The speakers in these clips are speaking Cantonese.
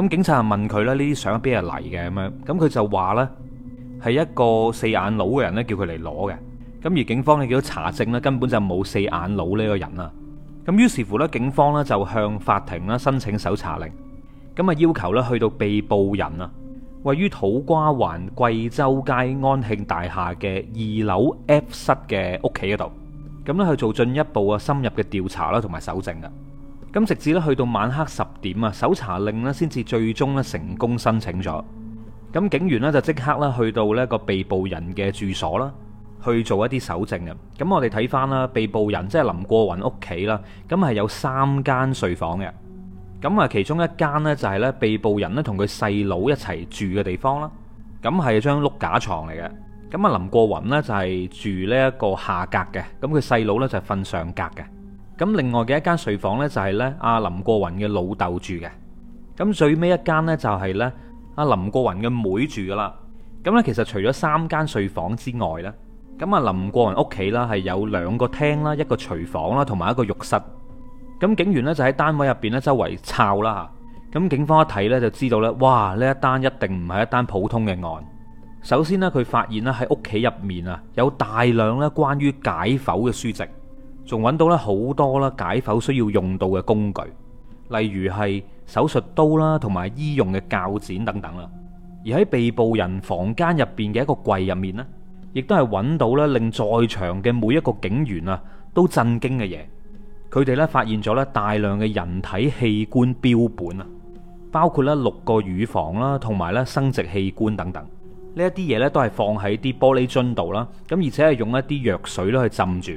咁警察問佢咧，呢啲相邊度嚟嘅？咁樣，咁佢就話呢係一個四眼佬嘅人咧，叫佢嚟攞嘅。咁而警方咧叫查證呢根本就冇四眼佬呢個人啊。咁於是乎呢，警方呢就向法庭咧申請搜查令，咁啊要求呢去到被捕人啊，位於土瓜灣貴州街安慶大廈嘅二樓 F 室嘅屋企嗰度，咁呢，去做進一步啊深入嘅調查啦，同埋搜證啊。咁直至咧去到晚黑十點啊，搜查令咧先至最終咧成功申請咗。咁警員呢，就即刻咧去到呢個被捕人嘅住所啦，去做一啲搜證啊。咁我哋睇翻啦，被捕人即係林過雲屋企啦。咁係有三間睡房嘅。咁啊，其中一間呢，就係呢被捕人咧同佢細佬一齊住嘅地方啦。咁係張碌架床嚟嘅。咁啊，林過雲呢，就係住呢一個下格嘅。咁佢細佬呢，就係瞓上格嘅。咁另外嘅一間睡房呢，就係呢阿林過雲嘅老豆住嘅，咁最尾一間呢，就係呢阿林過雲嘅妹妹住㗎喇。咁呢，其實除咗三間睡房之外呢，咁啊林過雲屋企啦係有兩個廳啦、一個廚房啦同埋一個浴室。咁警員呢，就喺單位入邊呢，周圍抄喇吓。咁警方一睇呢，就知道呢：「哇！呢一單一定唔係一單普通嘅案。」首先呢，佢發現呢喺屋企入面啊有大量呢關於解剖嘅書籍。仲揾到咧好多啦解剖需要用到嘅工具，例如係手術刀啦，同埋醫用嘅鉸剪等等啦。而喺被捕人房間入邊嘅一個櫃入面呢，亦都係揾到咧令在場嘅每一個警員啊都震驚嘅嘢。佢哋咧發現咗咧大量嘅人體器官標本啊，包括咧六個乳房啦，同埋咧生殖器官等等。呢一啲嘢咧都係放喺啲玻璃樽度啦，咁而且係用一啲藥水咧去浸住。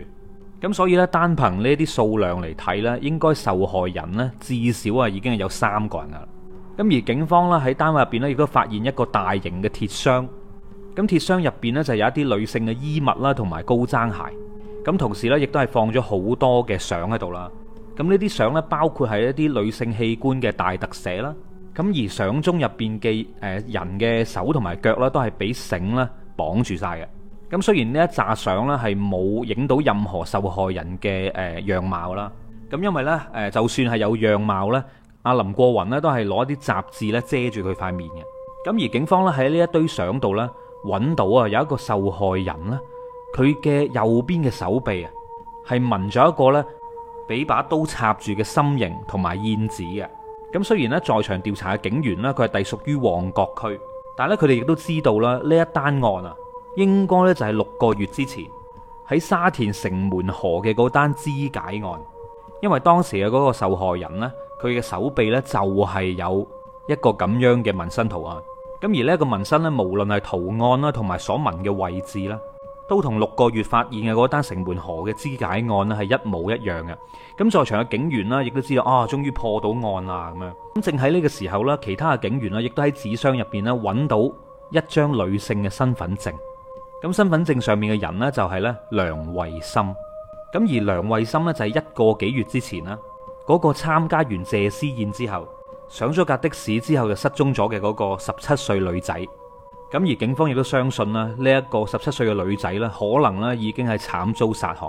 咁所以咧，單憑呢啲數量嚟睇咧，應該受害人呢至少啊已經係有三個人噶啦。咁而警方咧喺單位入面咧亦都發現一個大型嘅鐵箱，咁鐵箱入面呢，就有一啲女性嘅衣物啦，同埋高踭鞋。咁同時呢，亦都係放咗好多嘅相喺度啦。咁呢啲相呢，包括係一啲女性器官嘅大特寫啦。咁而相中入面嘅誒人嘅手同埋腳咧都係俾繩咧綁住晒嘅。咁雖然呢一紮相咧係冇影到任何受害人嘅誒樣貌啦，咁因為呢誒就算係有樣貌呢，阿林過雲呢都係攞啲雜誌呢遮住佢塊面嘅。咁而警方咧喺呢一堆相度呢揾到啊有一個受害人呢，佢嘅右邊嘅手臂啊係紋咗一個呢俾把刀插住嘅心形同埋燕子嘅。咁雖然呢在場調查嘅警員呢，佢係隸屬於旺角區，但咧佢哋亦都知道啦呢一單案啊。應該呢就係六個月之前喺沙田城門河嘅嗰單肢解案，因為當時嘅嗰個受害人呢，佢嘅手臂呢，就係有一個咁樣嘅紋身圖案。咁而呢個紋身呢，無論係圖案啦，同埋所紋嘅位置啦，都同六個月發現嘅嗰單城門河嘅肢解案呢，係一模一樣嘅。咁在場嘅警員啦，亦都知道啊，終於破到案啦咁樣。咁正喺呢個時候呢，其他嘅警員呢，亦都喺紙箱入邊呢揾到一張女性嘅身份證。咁身份證上面嘅人呢，就係呢梁慧心，咁而梁慧心呢，就係一個幾月之前啦，嗰、那個參加完謝師宴之後，上咗架的士之後就失蹤咗嘅嗰個十七歲女仔，咁而警方亦都相信啦，呢一個十七歲嘅女仔呢，可能呢已經係慘遭殺害。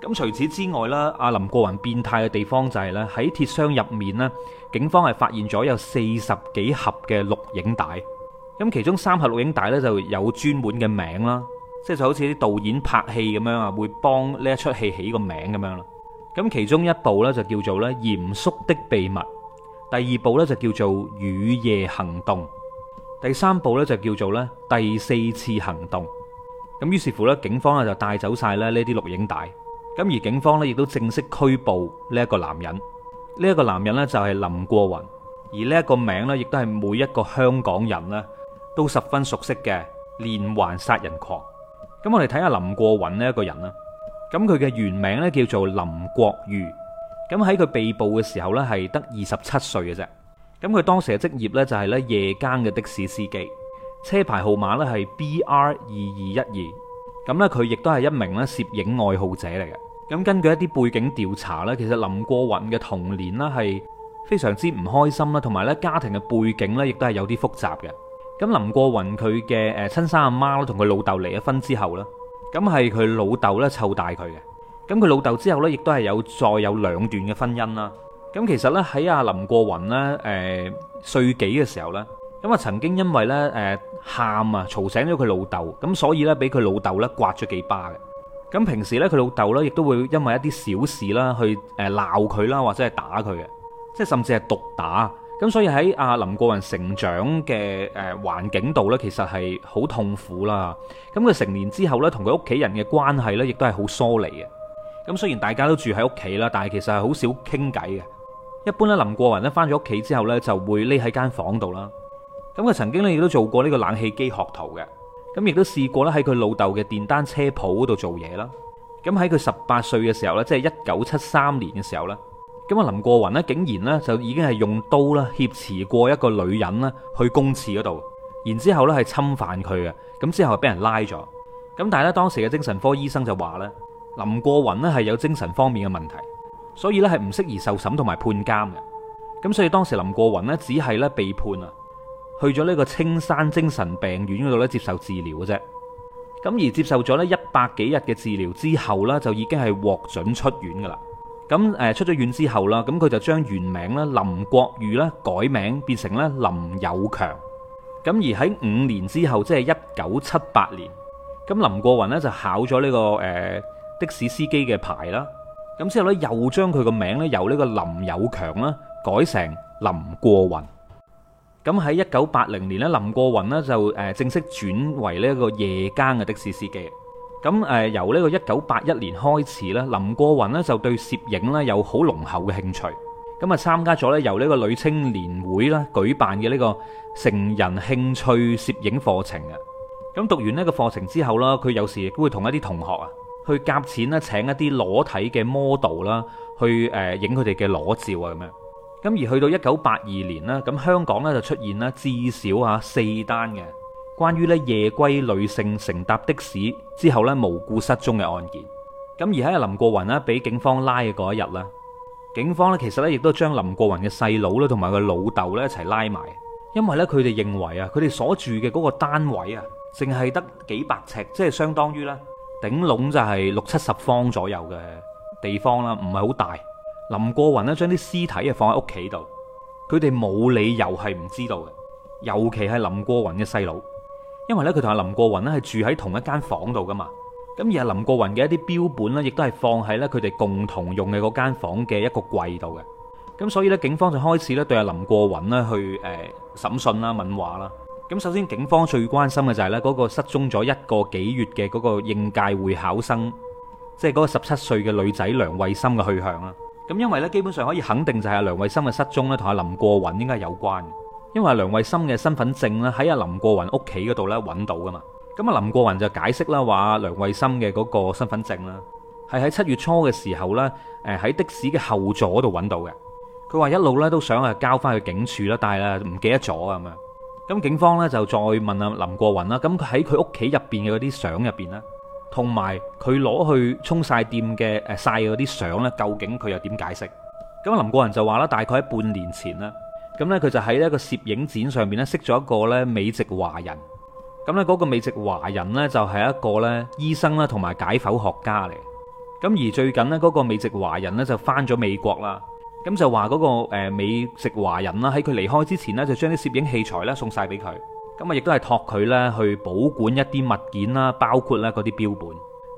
咁除此之外啦，阿林過雲變態嘅地方就係、是、呢，喺鐵箱入面呢，警方係發現咗有四十幾盒嘅錄影帶。咁其中三盒錄影帶咧就有專門嘅名啦，即係就好似啲導演拍戲咁樣啊，會幫呢一出戲起個名咁樣啦。咁其中一部咧就叫做咧嚴肅的秘密，第二部咧就叫做雨夜行動，第三部咧就叫做咧第四次行動。咁於是乎咧，警方啊就帶走晒咧呢啲錄影帶，咁而警方咧亦都正式拘捕呢一個男人。呢一個男人咧就係林過雲，而呢一個名咧亦都係每一個香港人咧，都十分熟悉嘅連環殺人狂。咁我哋睇下林過雲呢一個人啦。咁佢嘅原名呢叫做林國瑜。咁喺佢被捕嘅時候呢，係得二十七歲嘅啫。咁佢當時嘅職業呢，就係呢夜間嘅的、的士司機。車牌號碼呢係 BR 二二一二。咁呢，佢亦都係一名呢攝影愛好者嚟嘅。咁根據一啲背景調查呢，其實林過雲嘅童年呢係非常之唔開心啦，同埋呢家庭嘅背景呢亦都係有啲複雜嘅。咁林過雲佢嘅誒親生阿媽同佢老豆離咗婚之後呢，咁係佢老豆呢湊大佢嘅。咁佢老豆之後呢，亦都係有再有兩段嘅婚姻啦。咁其實呢，喺阿林過雲呢誒歲幾嘅時候呢，咁啊曾經因為呢誒喊啊嘈醒咗佢老豆，咁所以呢，俾佢老豆呢刮咗幾巴嘅。咁平時呢，佢老豆呢亦都會因為一啲小事啦，去誒鬧佢啦，或者係打佢嘅，即係甚至係毒打。咁所以喺阿林過雲成長嘅誒環境度呢，其實係好痛苦啦。咁佢成年之後呢，同佢屋企人嘅關係呢，亦都係好疏離嘅。咁雖然大家都住喺屋企啦，但係其實係好少傾偈嘅。一般呢，林過雲呢翻咗屋企之後呢，就會匿喺間房度啦。咁佢曾經呢，亦都做過呢個冷氣機學徒嘅，咁亦都試過咧喺佢老豆嘅電單車鋪嗰度做嘢啦。咁喺佢十八歲嘅時候呢，即係一九七三年嘅時候呢。咁啊，林過雲呢竟然，呢就已經係用刀啦挾持過一個女人啦，去公廁嗰度，然之後呢係侵犯佢嘅，咁之後畀人拉咗。咁但係咧，當時嘅精神科醫生就話咧，林過雲呢係有精神方面嘅問題，所以咧係唔適宜受審同埋判監嘅。咁所以當時林過雲呢只係咧被判啊，去咗呢個青山精神病院嗰度咧接受治療嘅啫。咁而接受咗呢一百幾日嘅治療之後呢就已經係獲准出院噶啦。咁誒出咗院之後啦，咁佢就將原名咧林國裕咧改名變成咧林有強。咁而喺五年之後，即係一九七八年，咁林過雲咧就考咗呢個誒的士司機嘅牌啦。咁之後咧又將佢個名咧由呢個林有強啦改成林過雲。咁喺一九八零年咧，林過雲咧就誒正式轉為呢一個夜間嘅的士司機。咁誒由呢個一九八一年開始咧，林過雲咧就對攝影咧有好濃厚嘅興趣。咁啊參加咗咧由呢個女青年會咧舉辦嘅呢個成人興趣攝影課程啊。咁讀完呢個課程之後啦，佢有時亦都會同一啲同學啊去夾錢咧請一啲裸體嘅 model 啦去誒影佢哋嘅裸照啊咁樣。咁而去到一九八二年咧，咁香港咧就出現啦至少啊四單嘅關於咧夜歸女性乘搭的士之後咧無故失蹤嘅案件，咁而喺林過雲咧俾警方拉嘅嗰一日咧，警方咧其實咧亦都將林過雲嘅細佬咧同埋佢老豆咧一齊拉埋，因為咧佢哋認為啊，佢哋所住嘅嗰個單位啊，淨係得幾百尺，即係相當於咧頂籠就係六七十方左右嘅地方啦，唔係好大。林過雲咧將啲屍體啊放喺屋企度，佢哋冇理由係唔知道嘅，尤其係林過雲嘅細佬。因為咧佢同阿林過雲咧係住喺同一間房度噶嘛，咁而阿林過雲嘅一啲標本咧亦都係放喺咧佢哋共同用嘅嗰間房嘅一個櫃度嘅，咁所以咧警方就開始咧對阿林過雲咧去誒審訊啦、問話啦。咁首先警方最關心嘅就係咧嗰個失蹤咗一個幾月嘅嗰個應屆會考生，即係嗰個十七歲嘅女仔梁慧心嘅去向啦。咁因為咧基本上可以肯定就係阿梁慧心嘅失蹤咧同阿林過雲應該係有關。因為梁慧心嘅身份證咧喺阿林過雲屋企嗰度咧揾到噶嘛，咁阿林過雲就解釋啦，話梁慧心嘅嗰個身份證啦，係喺七月初嘅時候咧，誒喺的士嘅後座嗰度揾到嘅。佢話一路咧都想啊交翻去警署啦，但係咧唔記得咗咁樣。咁警方咧就再問阿林過雲啦，咁佢喺佢屋企入邊嘅嗰啲相入邊咧，同埋佢攞去沖晒店嘅誒晒嗰啲相咧，究竟佢又點解釋？咁林過雲就話啦，大概喺半年前啦。咁咧，佢就喺一個攝影展上面咧，識咗一個咧美籍華人。咁咧，嗰個美籍華人呢，就係一個咧醫生啦，同埋解剖學家嚟。咁而最近呢，嗰個美籍華人呢，就翻咗美國啦。咁就話嗰個誒美籍華人啦，喺佢離開之前呢，就將啲攝影器材咧送晒俾佢。咁啊，亦都係託佢咧去保管一啲物件啦，包括咧嗰啲標本，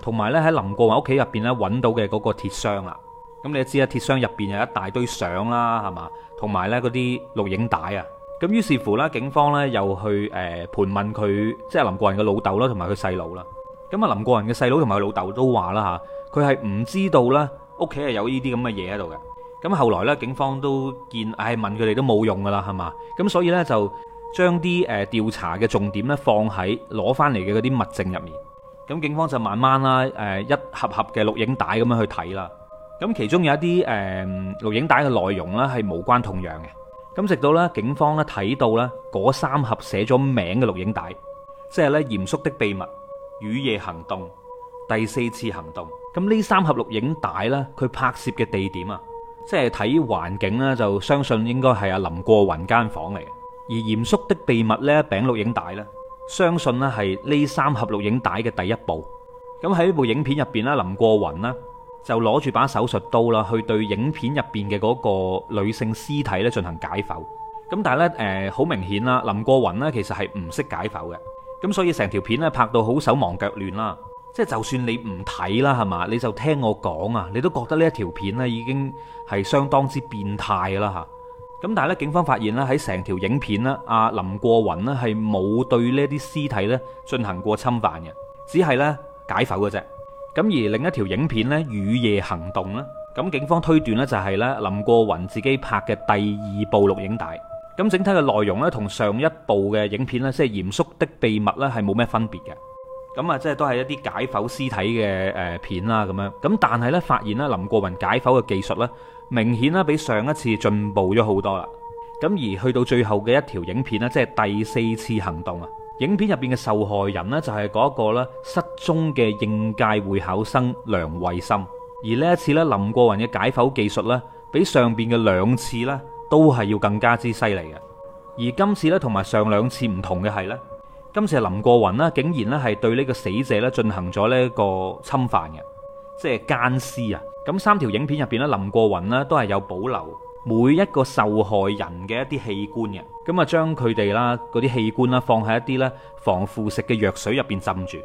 同埋咧喺林過雲屋企入邊咧揾到嘅嗰個鐵箱啦。咁你知啦，鐵箱入邊有一大堆相啦，係嘛？同埋咧嗰啲錄影帶啊，咁於是乎咧，警方咧又去誒盤問佢，即係林過雲嘅老豆啦，同埋佢細佬啦。咁啊，林過雲嘅細佬同埋佢老豆都話啦吓，佢係唔知道啦，屋企係有呢啲咁嘅嘢喺度嘅。咁後來咧，警方都見，唉，問佢哋都冇用噶啦，係嘛？咁所以咧就將啲誒調查嘅重點咧放喺攞翻嚟嘅嗰啲物證入面。咁警方就慢慢啦誒一盒盒嘅錄影帶咁樣去睇啦。咁其中有一啲誒、嗯、錄影帶嘅內容呢，係無關痛癢嘅。咁直到咧，警方呢睇到咧嗰三盒寫咗名嘅錄影帶，即係呢嚴肅的秘密、雨夜行動、第四次行動。咁呢三盒錄影帶呢，佢拍攝嘅地點啊，即係睇環境呢就相信應該係阿林過雲間房嚟嘅。而嚴肅的秘密呢一餅錄影帶呢，相信係呢三盒錄影帶嘅第一部。咁喺呢部影片入面，呢林過雲呢就攞住把手術刀啦，去對影片入邊嘅嗰個女性屍體咧進行解剖。咁但係咧，誒，好明顯啦，林過雲呢其實係唔識解剖嘅。咁所以成條片咧拍到好手忙腳亂啦。即係就算你唔睇啦，係嘛，你就聽我講啊，你都覺得呢一條片呢已經係相當之變態啦吓。咁但係咧，警方發現咧喺成條影片啦，阿林過雲呢係冇對呢啲屍體咧進行過侵犯嘅，只係咧解剖嘅啫。咁而另一條影片呢，《雨夜行動》啦，咁警方推斷呢就係呢林過雲自己拍嘅第二部錄影帶。咁整體嘅內容呢，同上一部嘅影片呢，即係《嚴肅的秘密》呢係冇咩分別嘅。咁啊，即係都係一啲解剖屍體嘅誒片啦咁樣。咁但係呢，發現呢林過雲解剖嘅技術呢，明顯呢比上一次進步咗好多啦。咁而去到最後嘅一條影片呢，即係第四次行動啊，影片入邊嘅受害人咧，就係嗰一個咧，失蹤嘅應屆會考生梁慧心，而呢一次咧，林過雲嘅解剖技術咧，比上邊嘅兩次咧，都係要更加之犀利嘅，而今次咧，同埋上兩次唔同嘅係咧，今次係林過雲咧，竟然咧，係對呢個死者咧，進行咗呢一個侵犯嘅，即係奸屍啊，咁三條影片入邊咧，林過雲咧，都係有保留。每一個受害人嘅一啲器官嘅咁啊，將佢哋啦嗰啲器官啦放喺一啲咧防腐蝕嘅藥水入邊浸住。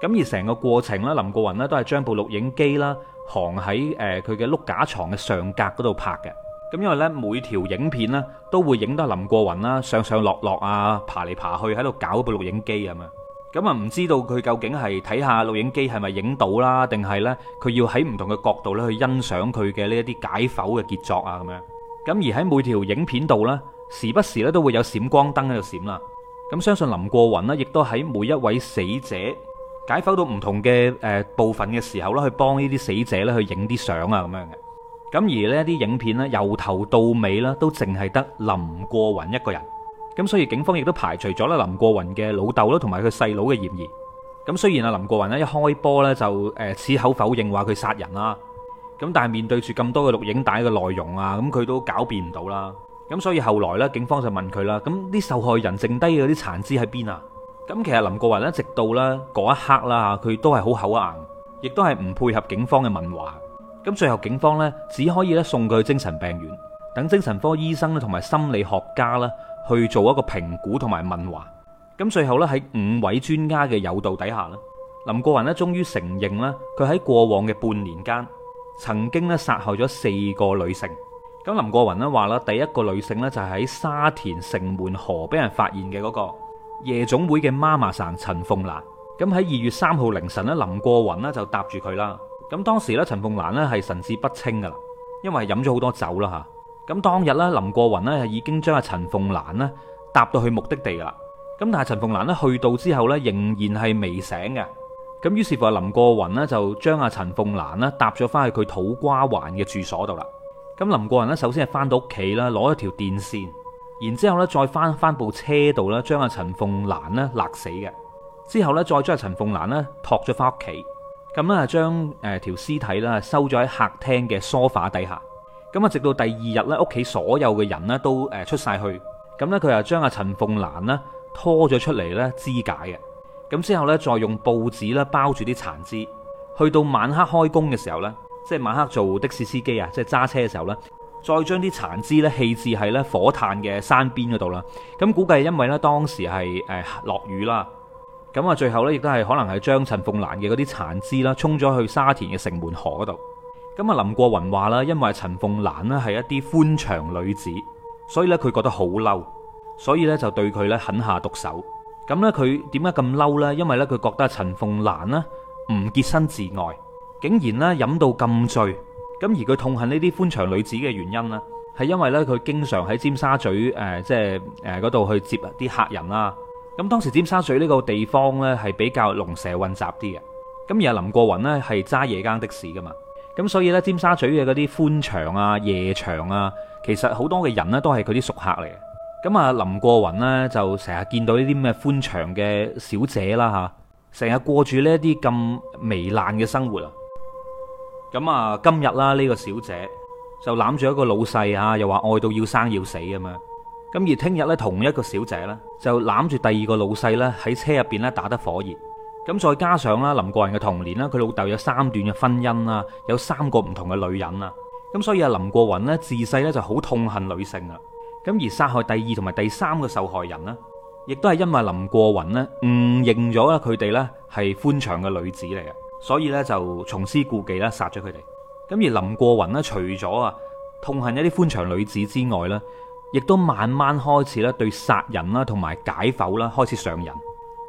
咁而成個過程咧，林過雲呢都係將部錄影機啦，行喺誒佢嘅碌架床嘅上格嗰度拍嘅。咁因為呢，每條影片咧都會影得林過雲啦上上落落啊，爬嚟爬去喺度搞部錄影機啊嘛。咁啊唔知道佢究竟係睇下錄影機係咪影到啦，定係呢？佢要喺唔同嘅角度咧去欣賞佢嘅呢一啲解剖嘅傑作啊咁樣。咁而喺每條影片度呢，時不時咧都會有閃光燈喺度閃啦。咁相信林過雲呢，亦都喺每一位死者解剖到唔同嘅誒部分嘅時候呢，去幫呢啲死者咧去影啲相啊咁樣嘅。咁而呢啲影片呢，由頭到尾呢，都淨係得林過雲一個人。咁所以警方亦都排除咗咧林過雲嘅老豆啦，同埋佢細佬嘅嫌疑。咁雖然啊，林過雲呢一開波呢，就誒矢口否認話佢殺人啦。咁但係面對住咁多嘅錄影帶嘅內容啊，咁佢都狡辯唔到啦。咁所以後來咧，警方就問佢啦。咁啲受害人剩低嗰啲殘肢喺邊啊？咁其實林過雲咧，直到咧嗰一刻啦吓，佢都係好口硬，亦都係唔配合警方嘅問話。咁最後警方咧只可以咧送佢去精神病院，等精神科醫生咧同埋心理學家啦去做一個評估同埋問話。咁最後咧喺五位專家嘅誘導底下咧，林過雲咧終於承認啦，佢喺過往嘅半年間。曾經咧殺害咗四個女性，咁林過雲咧話啦，第一個女性咧就係喺沙田城門河俾人發現嘅嗰個夜總會嘅媽媽生陳鳳蘭，咁喺二月三號凌晨咧，林過雲咧就搭住佢啦，咁當時咧陳鳳蘭咧係神志不清噶啦，因為飲咗好多酒啦吓，咁當日咧林過雲咧已經將阿陳鳳蘭咧搭到去目的地噶啦，咁但係陳鳳蘭咧去到之後咧仍然係未醒嘅。咁於是乎林過雲呢就將阿陳鳳蘭呢搭咗翻去佢土瓜灣嘅住所度啦。咁林過雲呢首先係翻到屋企啦，攞咗條電線，然之後呢再翻翻部車度咧，將阿陳鳳蘭呢勒死嘅。之後呢，再將阿陳鳳蘭呢托咗翻屋企，咁呢，將誒條屍體收咗喺客廳嘅梳化底下。咁啊直到第二日呢，屋企所有嘅人呢都誒出晒去，咁呢，佢又將阿陳鳳蘭呢拖咗出嚟呢，肢解嘅。咁之後呢，再用報紙啦包住啲殘肢。去到晚黑開工嘅時候呢，即係晚黑做的士司機啊，即係揸車嘅時候呢，再將啲殘肢呢棄置喺呢火炭嘅山邊嗰度啦。咁估計因為呢，當時係誒落雨啦，咁啊最後呢，亦都係可能係將陳鳳蘭嘅嗰啲殘肢啦沖咗去沙田嘅城門河嗰度。咁啊林過雲話啦，因為係陳鳳蘭咧係一啲歡場女子，所以呢，佢覺得好嬲，所以呢，就對佢呢狠下毒手。咁咧佢點解咁嬲呢？因為呢，佢覺得陳鳳蘭呢唔潔身自愛，竟然呢飲到咁醉。咁而佢痛恨呢啲歡場女子嘅原因呢，係因為呢，佢經常喺尖沙咀、呃、即係嗰度去接啲客人啦。咁、啊、當時尖沙咀呢個地方呢，係比較龍蛇混雜啲嘅。咁而林過雲呢，係揸夜間的士噶嘛。咁所以呢，尖沙咀嘅嗰啲歡場啊、夜場啊，其實好多嘅人呢，都係佢啲熟客嚟嘅。咁啊，林過雲咧就成日見到呢啲咩寬長嘅小姐啦吓，成日過住呢啲咁糜爛嘅生活啊。咁啊，今日啦呢個小姐就攬住一個老細啊，又話愛到要生要死咁樣。咁而聽日咧，同一個小姐咧就攬住第二個老細咧喺車入邊咧打得火熱。咁再加上啦，林過雲嘅童年啦，佢老豆有三段嘅婚姻啊，有三個唔同嘅女人啊。咁所以啊，林過雲呢，自細咧就好痛恨女性啊。咁而殺害第二同埋第三個受害人呢，亦都係因為林過雲呢誤認咗佢哋呢係歡場嘅女子嚟嘅，所以呢就重施故技啦，殺咗佢哋。咁而林過雲呢，除咗啊痛恨一啲歡場女子之外呢，亦都慢慢開始咧對殺人啦同埋解剖啦開始上癮。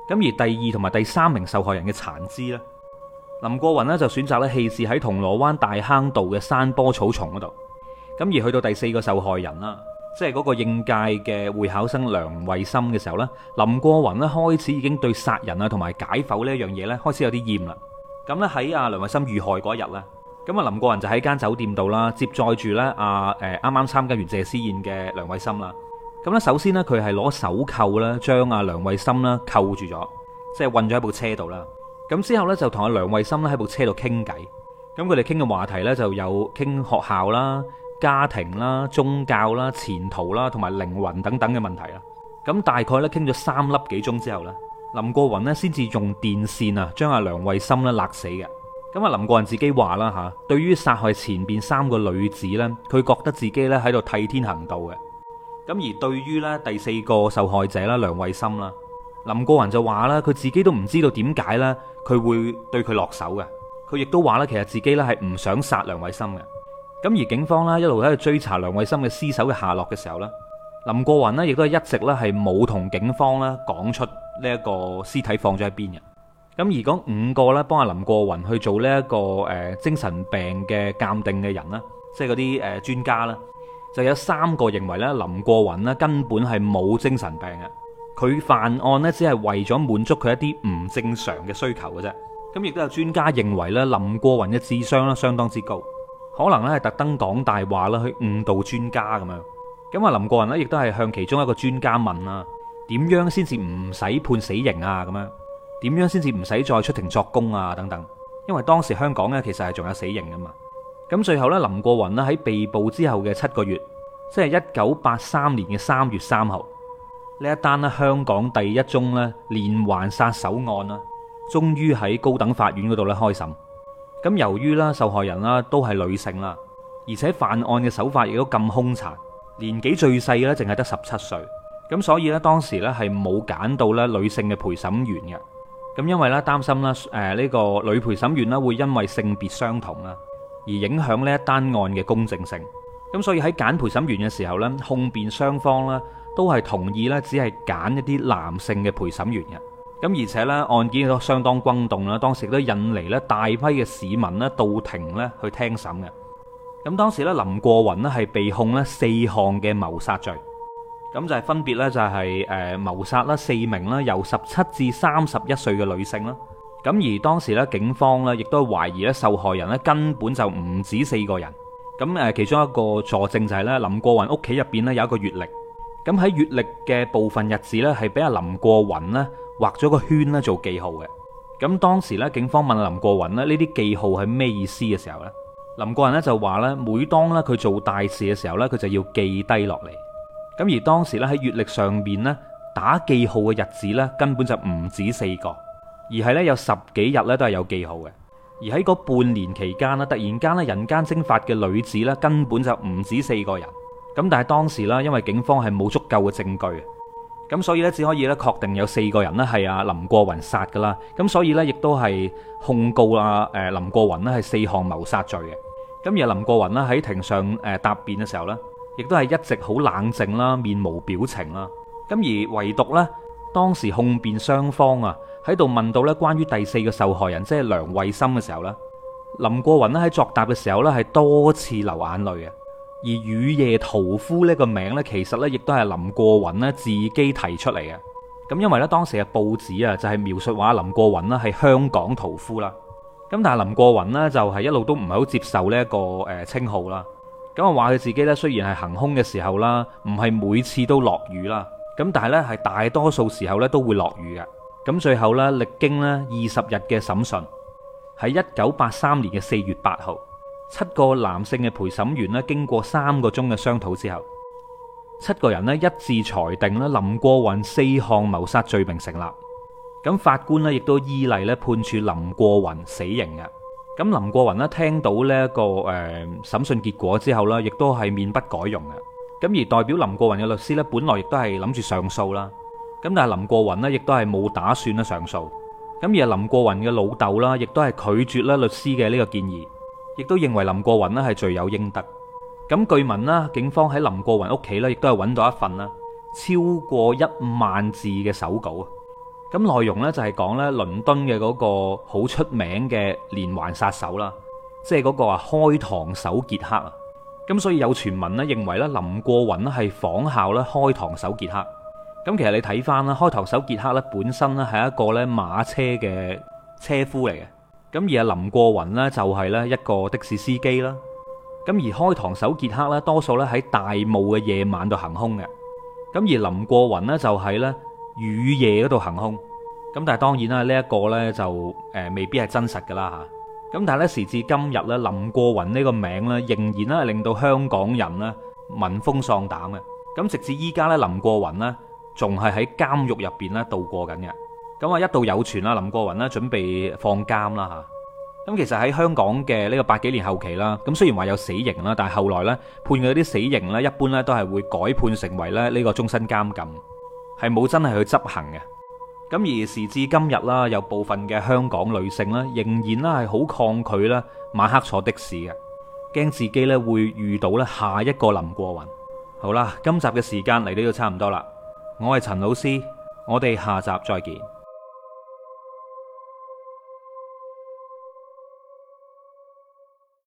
咁而第二同埋第三名受害人嘅殘肢呢，林過雲呢就選擇咧棄置喺銅鑼灣大坑道嘅山坡草叢嗰度。咁而去到第四個受害人啦。即係嗰個應屆嘅會考生梁慧心嘅時候呢，林過雲咧開始已經對殺人啊同埋解剖呢一樣嘢，呢開始有啲厭啦。咁咧喺阿梁慧心遇害嗰日呢，咁啊林過雲就喺間酒店度啦接載住呢阿誒啱啱參加完謝師宴嘅梁慧心啦。咁咧首先呢，佢係攞手扣啦，將阿梁慧心啦扣住咗，即係韞咗喺部車度啦。咁之後呢，就同阿梁慧心咧喺部車度傾偈。咁佢哋傾嘅話題呢，就有傾學校啦。家庭啦、宗教啦、前途啦，同埋靈魂等等嘅問題啦。咁大概咧傾咗三粒幾鐘之後呢，林過雲咧先至用電線啊將阿梁慧心咧勒死嘅。咁啊林過雲自己話啦吓，對於殺害前面三個女子呢，佢覺得自己呢喺度替天行道嘅。咁而對於呢第四個受害者啦梁慧心啦，林過雲就話啦佢自己都唔知道點解呢，佢會對佢落手嘅。佢亦都話咧其實自己咧係唔想殺梁慧心嘅。咁而警方咧一路喺度追查梁慧心嘅屍首嘅下落嘅時候咧，林過雲咧亦都係一直咧係冇同警方咧講出呢一個屍體放咗喺邊嘅。咁而嗰五個咧幫阿林過雲去做呢一個誒精神病嘅鑑定嘅人啦，即係嗰啲誒專家啦，就有三個認為咧林過雲咧根本係冇精神病嘅，佢犯案咧只係為咗滿足佢一啲唔正常嘅需求嘅啫。咁亦都有專家認為咧林過雲嘅智商咧相當之高。可能咧係特登講大話啦，去誤導專家咁樣。咁啊林過雲咧亦都係向其中一個專家問啊，點樣先至唔使判死刑啊？咁樣點樣先至唔使再出庭作供啊？等等。因為當時香港咧其實係仲有死刑噶嘛。咁最後呢，林過雲呢，喺被捕之後嘅七個月，即係一九八三年嘅三月三號，呢一單咧香港第一宗咧連環殺手案啦，終於喺高等法院嗰度咧開審。咁由於啦，受害人啦都係女性啦，而且犯案嘅手法亦都咁兇殘，年紀最細咧，淨係得十七歲。咁所以咧，當時咧係冇揀到咧女性嘅陪審員嘅。咁因為咧擔心咧，誒呢個女陪審員咧會因為性別相同啦，而影響呢一單案嘅公正性。咁所以喺揀陪審員嘅時候咧，控辯雙方咧都係同意咧，只係揀一啲男性嘅陪審員嘅。咁而且咧，案件亦都相當轟動啦。當時咧，引嚟咧大批嘅市民咧到庭咧去聽審嘅。咁當時咧，林過雲咧係被控咧四項嘅謀殺罪。咁就係分別咧就係誒謀殺啦四名啦由十七至三十一歲嘅女性啦。咁而當時咧，警方咧亦都懷疑咧受害人咧根本就唔止四個人。咁誒，其中一個助證就係咧林過雲屋企入邊咧有一個月曆。咁喺月曆嘅部分日子呢，係俾阿林過雲呢畫咗個圈呢做記號嘅。咁當時呢，警方問林過雲呢呢啲記號係咩意思嘅時候呢，林過雲呢就話呢：「每當呢佢做大事嘅時候呢，佢就要記低落嚟。」咁而當時呢，喺月曆上面呢打記號嘅日子呢，根本就唔止四個，而係呢有十幾日呢都係有記號嘅。而喺嗰半年期間呢，突然間呢，人間蒸發嘅女子呢，根本就唔止四個人。咁但係當時啦，因為警方係冇足夠嘅證據，咁所以咧只可以咧確定有四個人咧係阿林過雲殺嘅啦。咁所以咧亦都係控告阿誒林過雲咧係四項謀殺罪嘅。咁而林過雲咧喺庭上誒答辯嘅時候咧，亦都係一直好冷靜啦，面無表情啦。咁而唯獨咧當時控辯雙方啊喺度問到咧關於第四個受害人即係梁慧心嘅時候咧，林過雲咧喺作答嘅時候咧係多次流眼淚嘅。而雨夜屠夫呢個名呢，其實呢亦都係林過雲呢自己提出嚟嘅。咁因為呢當時嘅報紙啊，就係描述話林過雲呢係香港屠夫啦。咁但係林過雲呢就係一路都唔係好接受呢一個誒稱號啦。咁話佢自己呢雖然係行兇嘅時候啦，唔係每次都落雨啦。咁但係呢係大多數時候呢都會落雨嘅。咁最後呢歷經呢二十日嘅審訊，喺一九八三年嘅四月八號，七個男性嘅陪審員咧，經過三個鐘嘅商討之後，七個人一致裁定咧林過雲四項謀殺罪名成立。咁法官咧亦都依例咧判處林過雲死刑嘅。咁林過雲咧聽到呢、這、一個誒審訊結果之後咧，亦都係面不改容嘅。咁而代表林過雲嘅律師本來亦都係諗住上訴啦。咁但係林過雲咧亦都係冇打算上訴。咁而林過雲嘅老豆啦，亦都係拒絕咧律師嘅呢個建議。亦都認為林過雲咧係罪有應得。咁據聞啦，警方喺林過雲屋企咧，亦都係揾到一份啦，超過一萬字嘅手稿。咁內容呢就係講咧倫敦嘅嗰個好出名嘅連環殺手啦，即係嗰個啊開膛手傑克啊。咁所以有傳聞呢認為咧林過雲咧係仿效咧開膛手傑克。咁其實你睇翻啦，開膛手傑克咧本身呢係一個咧馬車嘅車夫嚟嘅。咁而阿林過雲咧就係咧一個的士司機啦，咁而開膛手傑克咧多數咧喺大霧嘅夜晚度行兇嘅，咁而林過雲咧就喺咧雨夜嗰度行兇，咁但係當然啦呢一個咧就誒未必係真實噶啦吓，咁但係咧時至今日咧林過雲呢個名咧仍然咧令到香港人咧聞風喪膽嘅，咁直至依家咧林過雲咧仲係喺監獄入邊咧度過緊嘅。咁啊，一度有傳啦，林過雲啦準備放監啦嚇。咁其實喺香港嘅呢個八幾年後期啦，咁雖然話有死刑啦，但係後來咧判佢啲死刑咧，一般咧都係會改判成為咧呢個終身監禁，係冇真係去執行嘅。咁而時至今日啦，有部分嘅香港女性咧仍然咧係好抗拒咧晚黑坐的士嘅，驚自己咧會遇到咧下一個林過雲。好啦，今集嘅時間嚟到都差唔多啦，我係陳老師，我哋下集再見。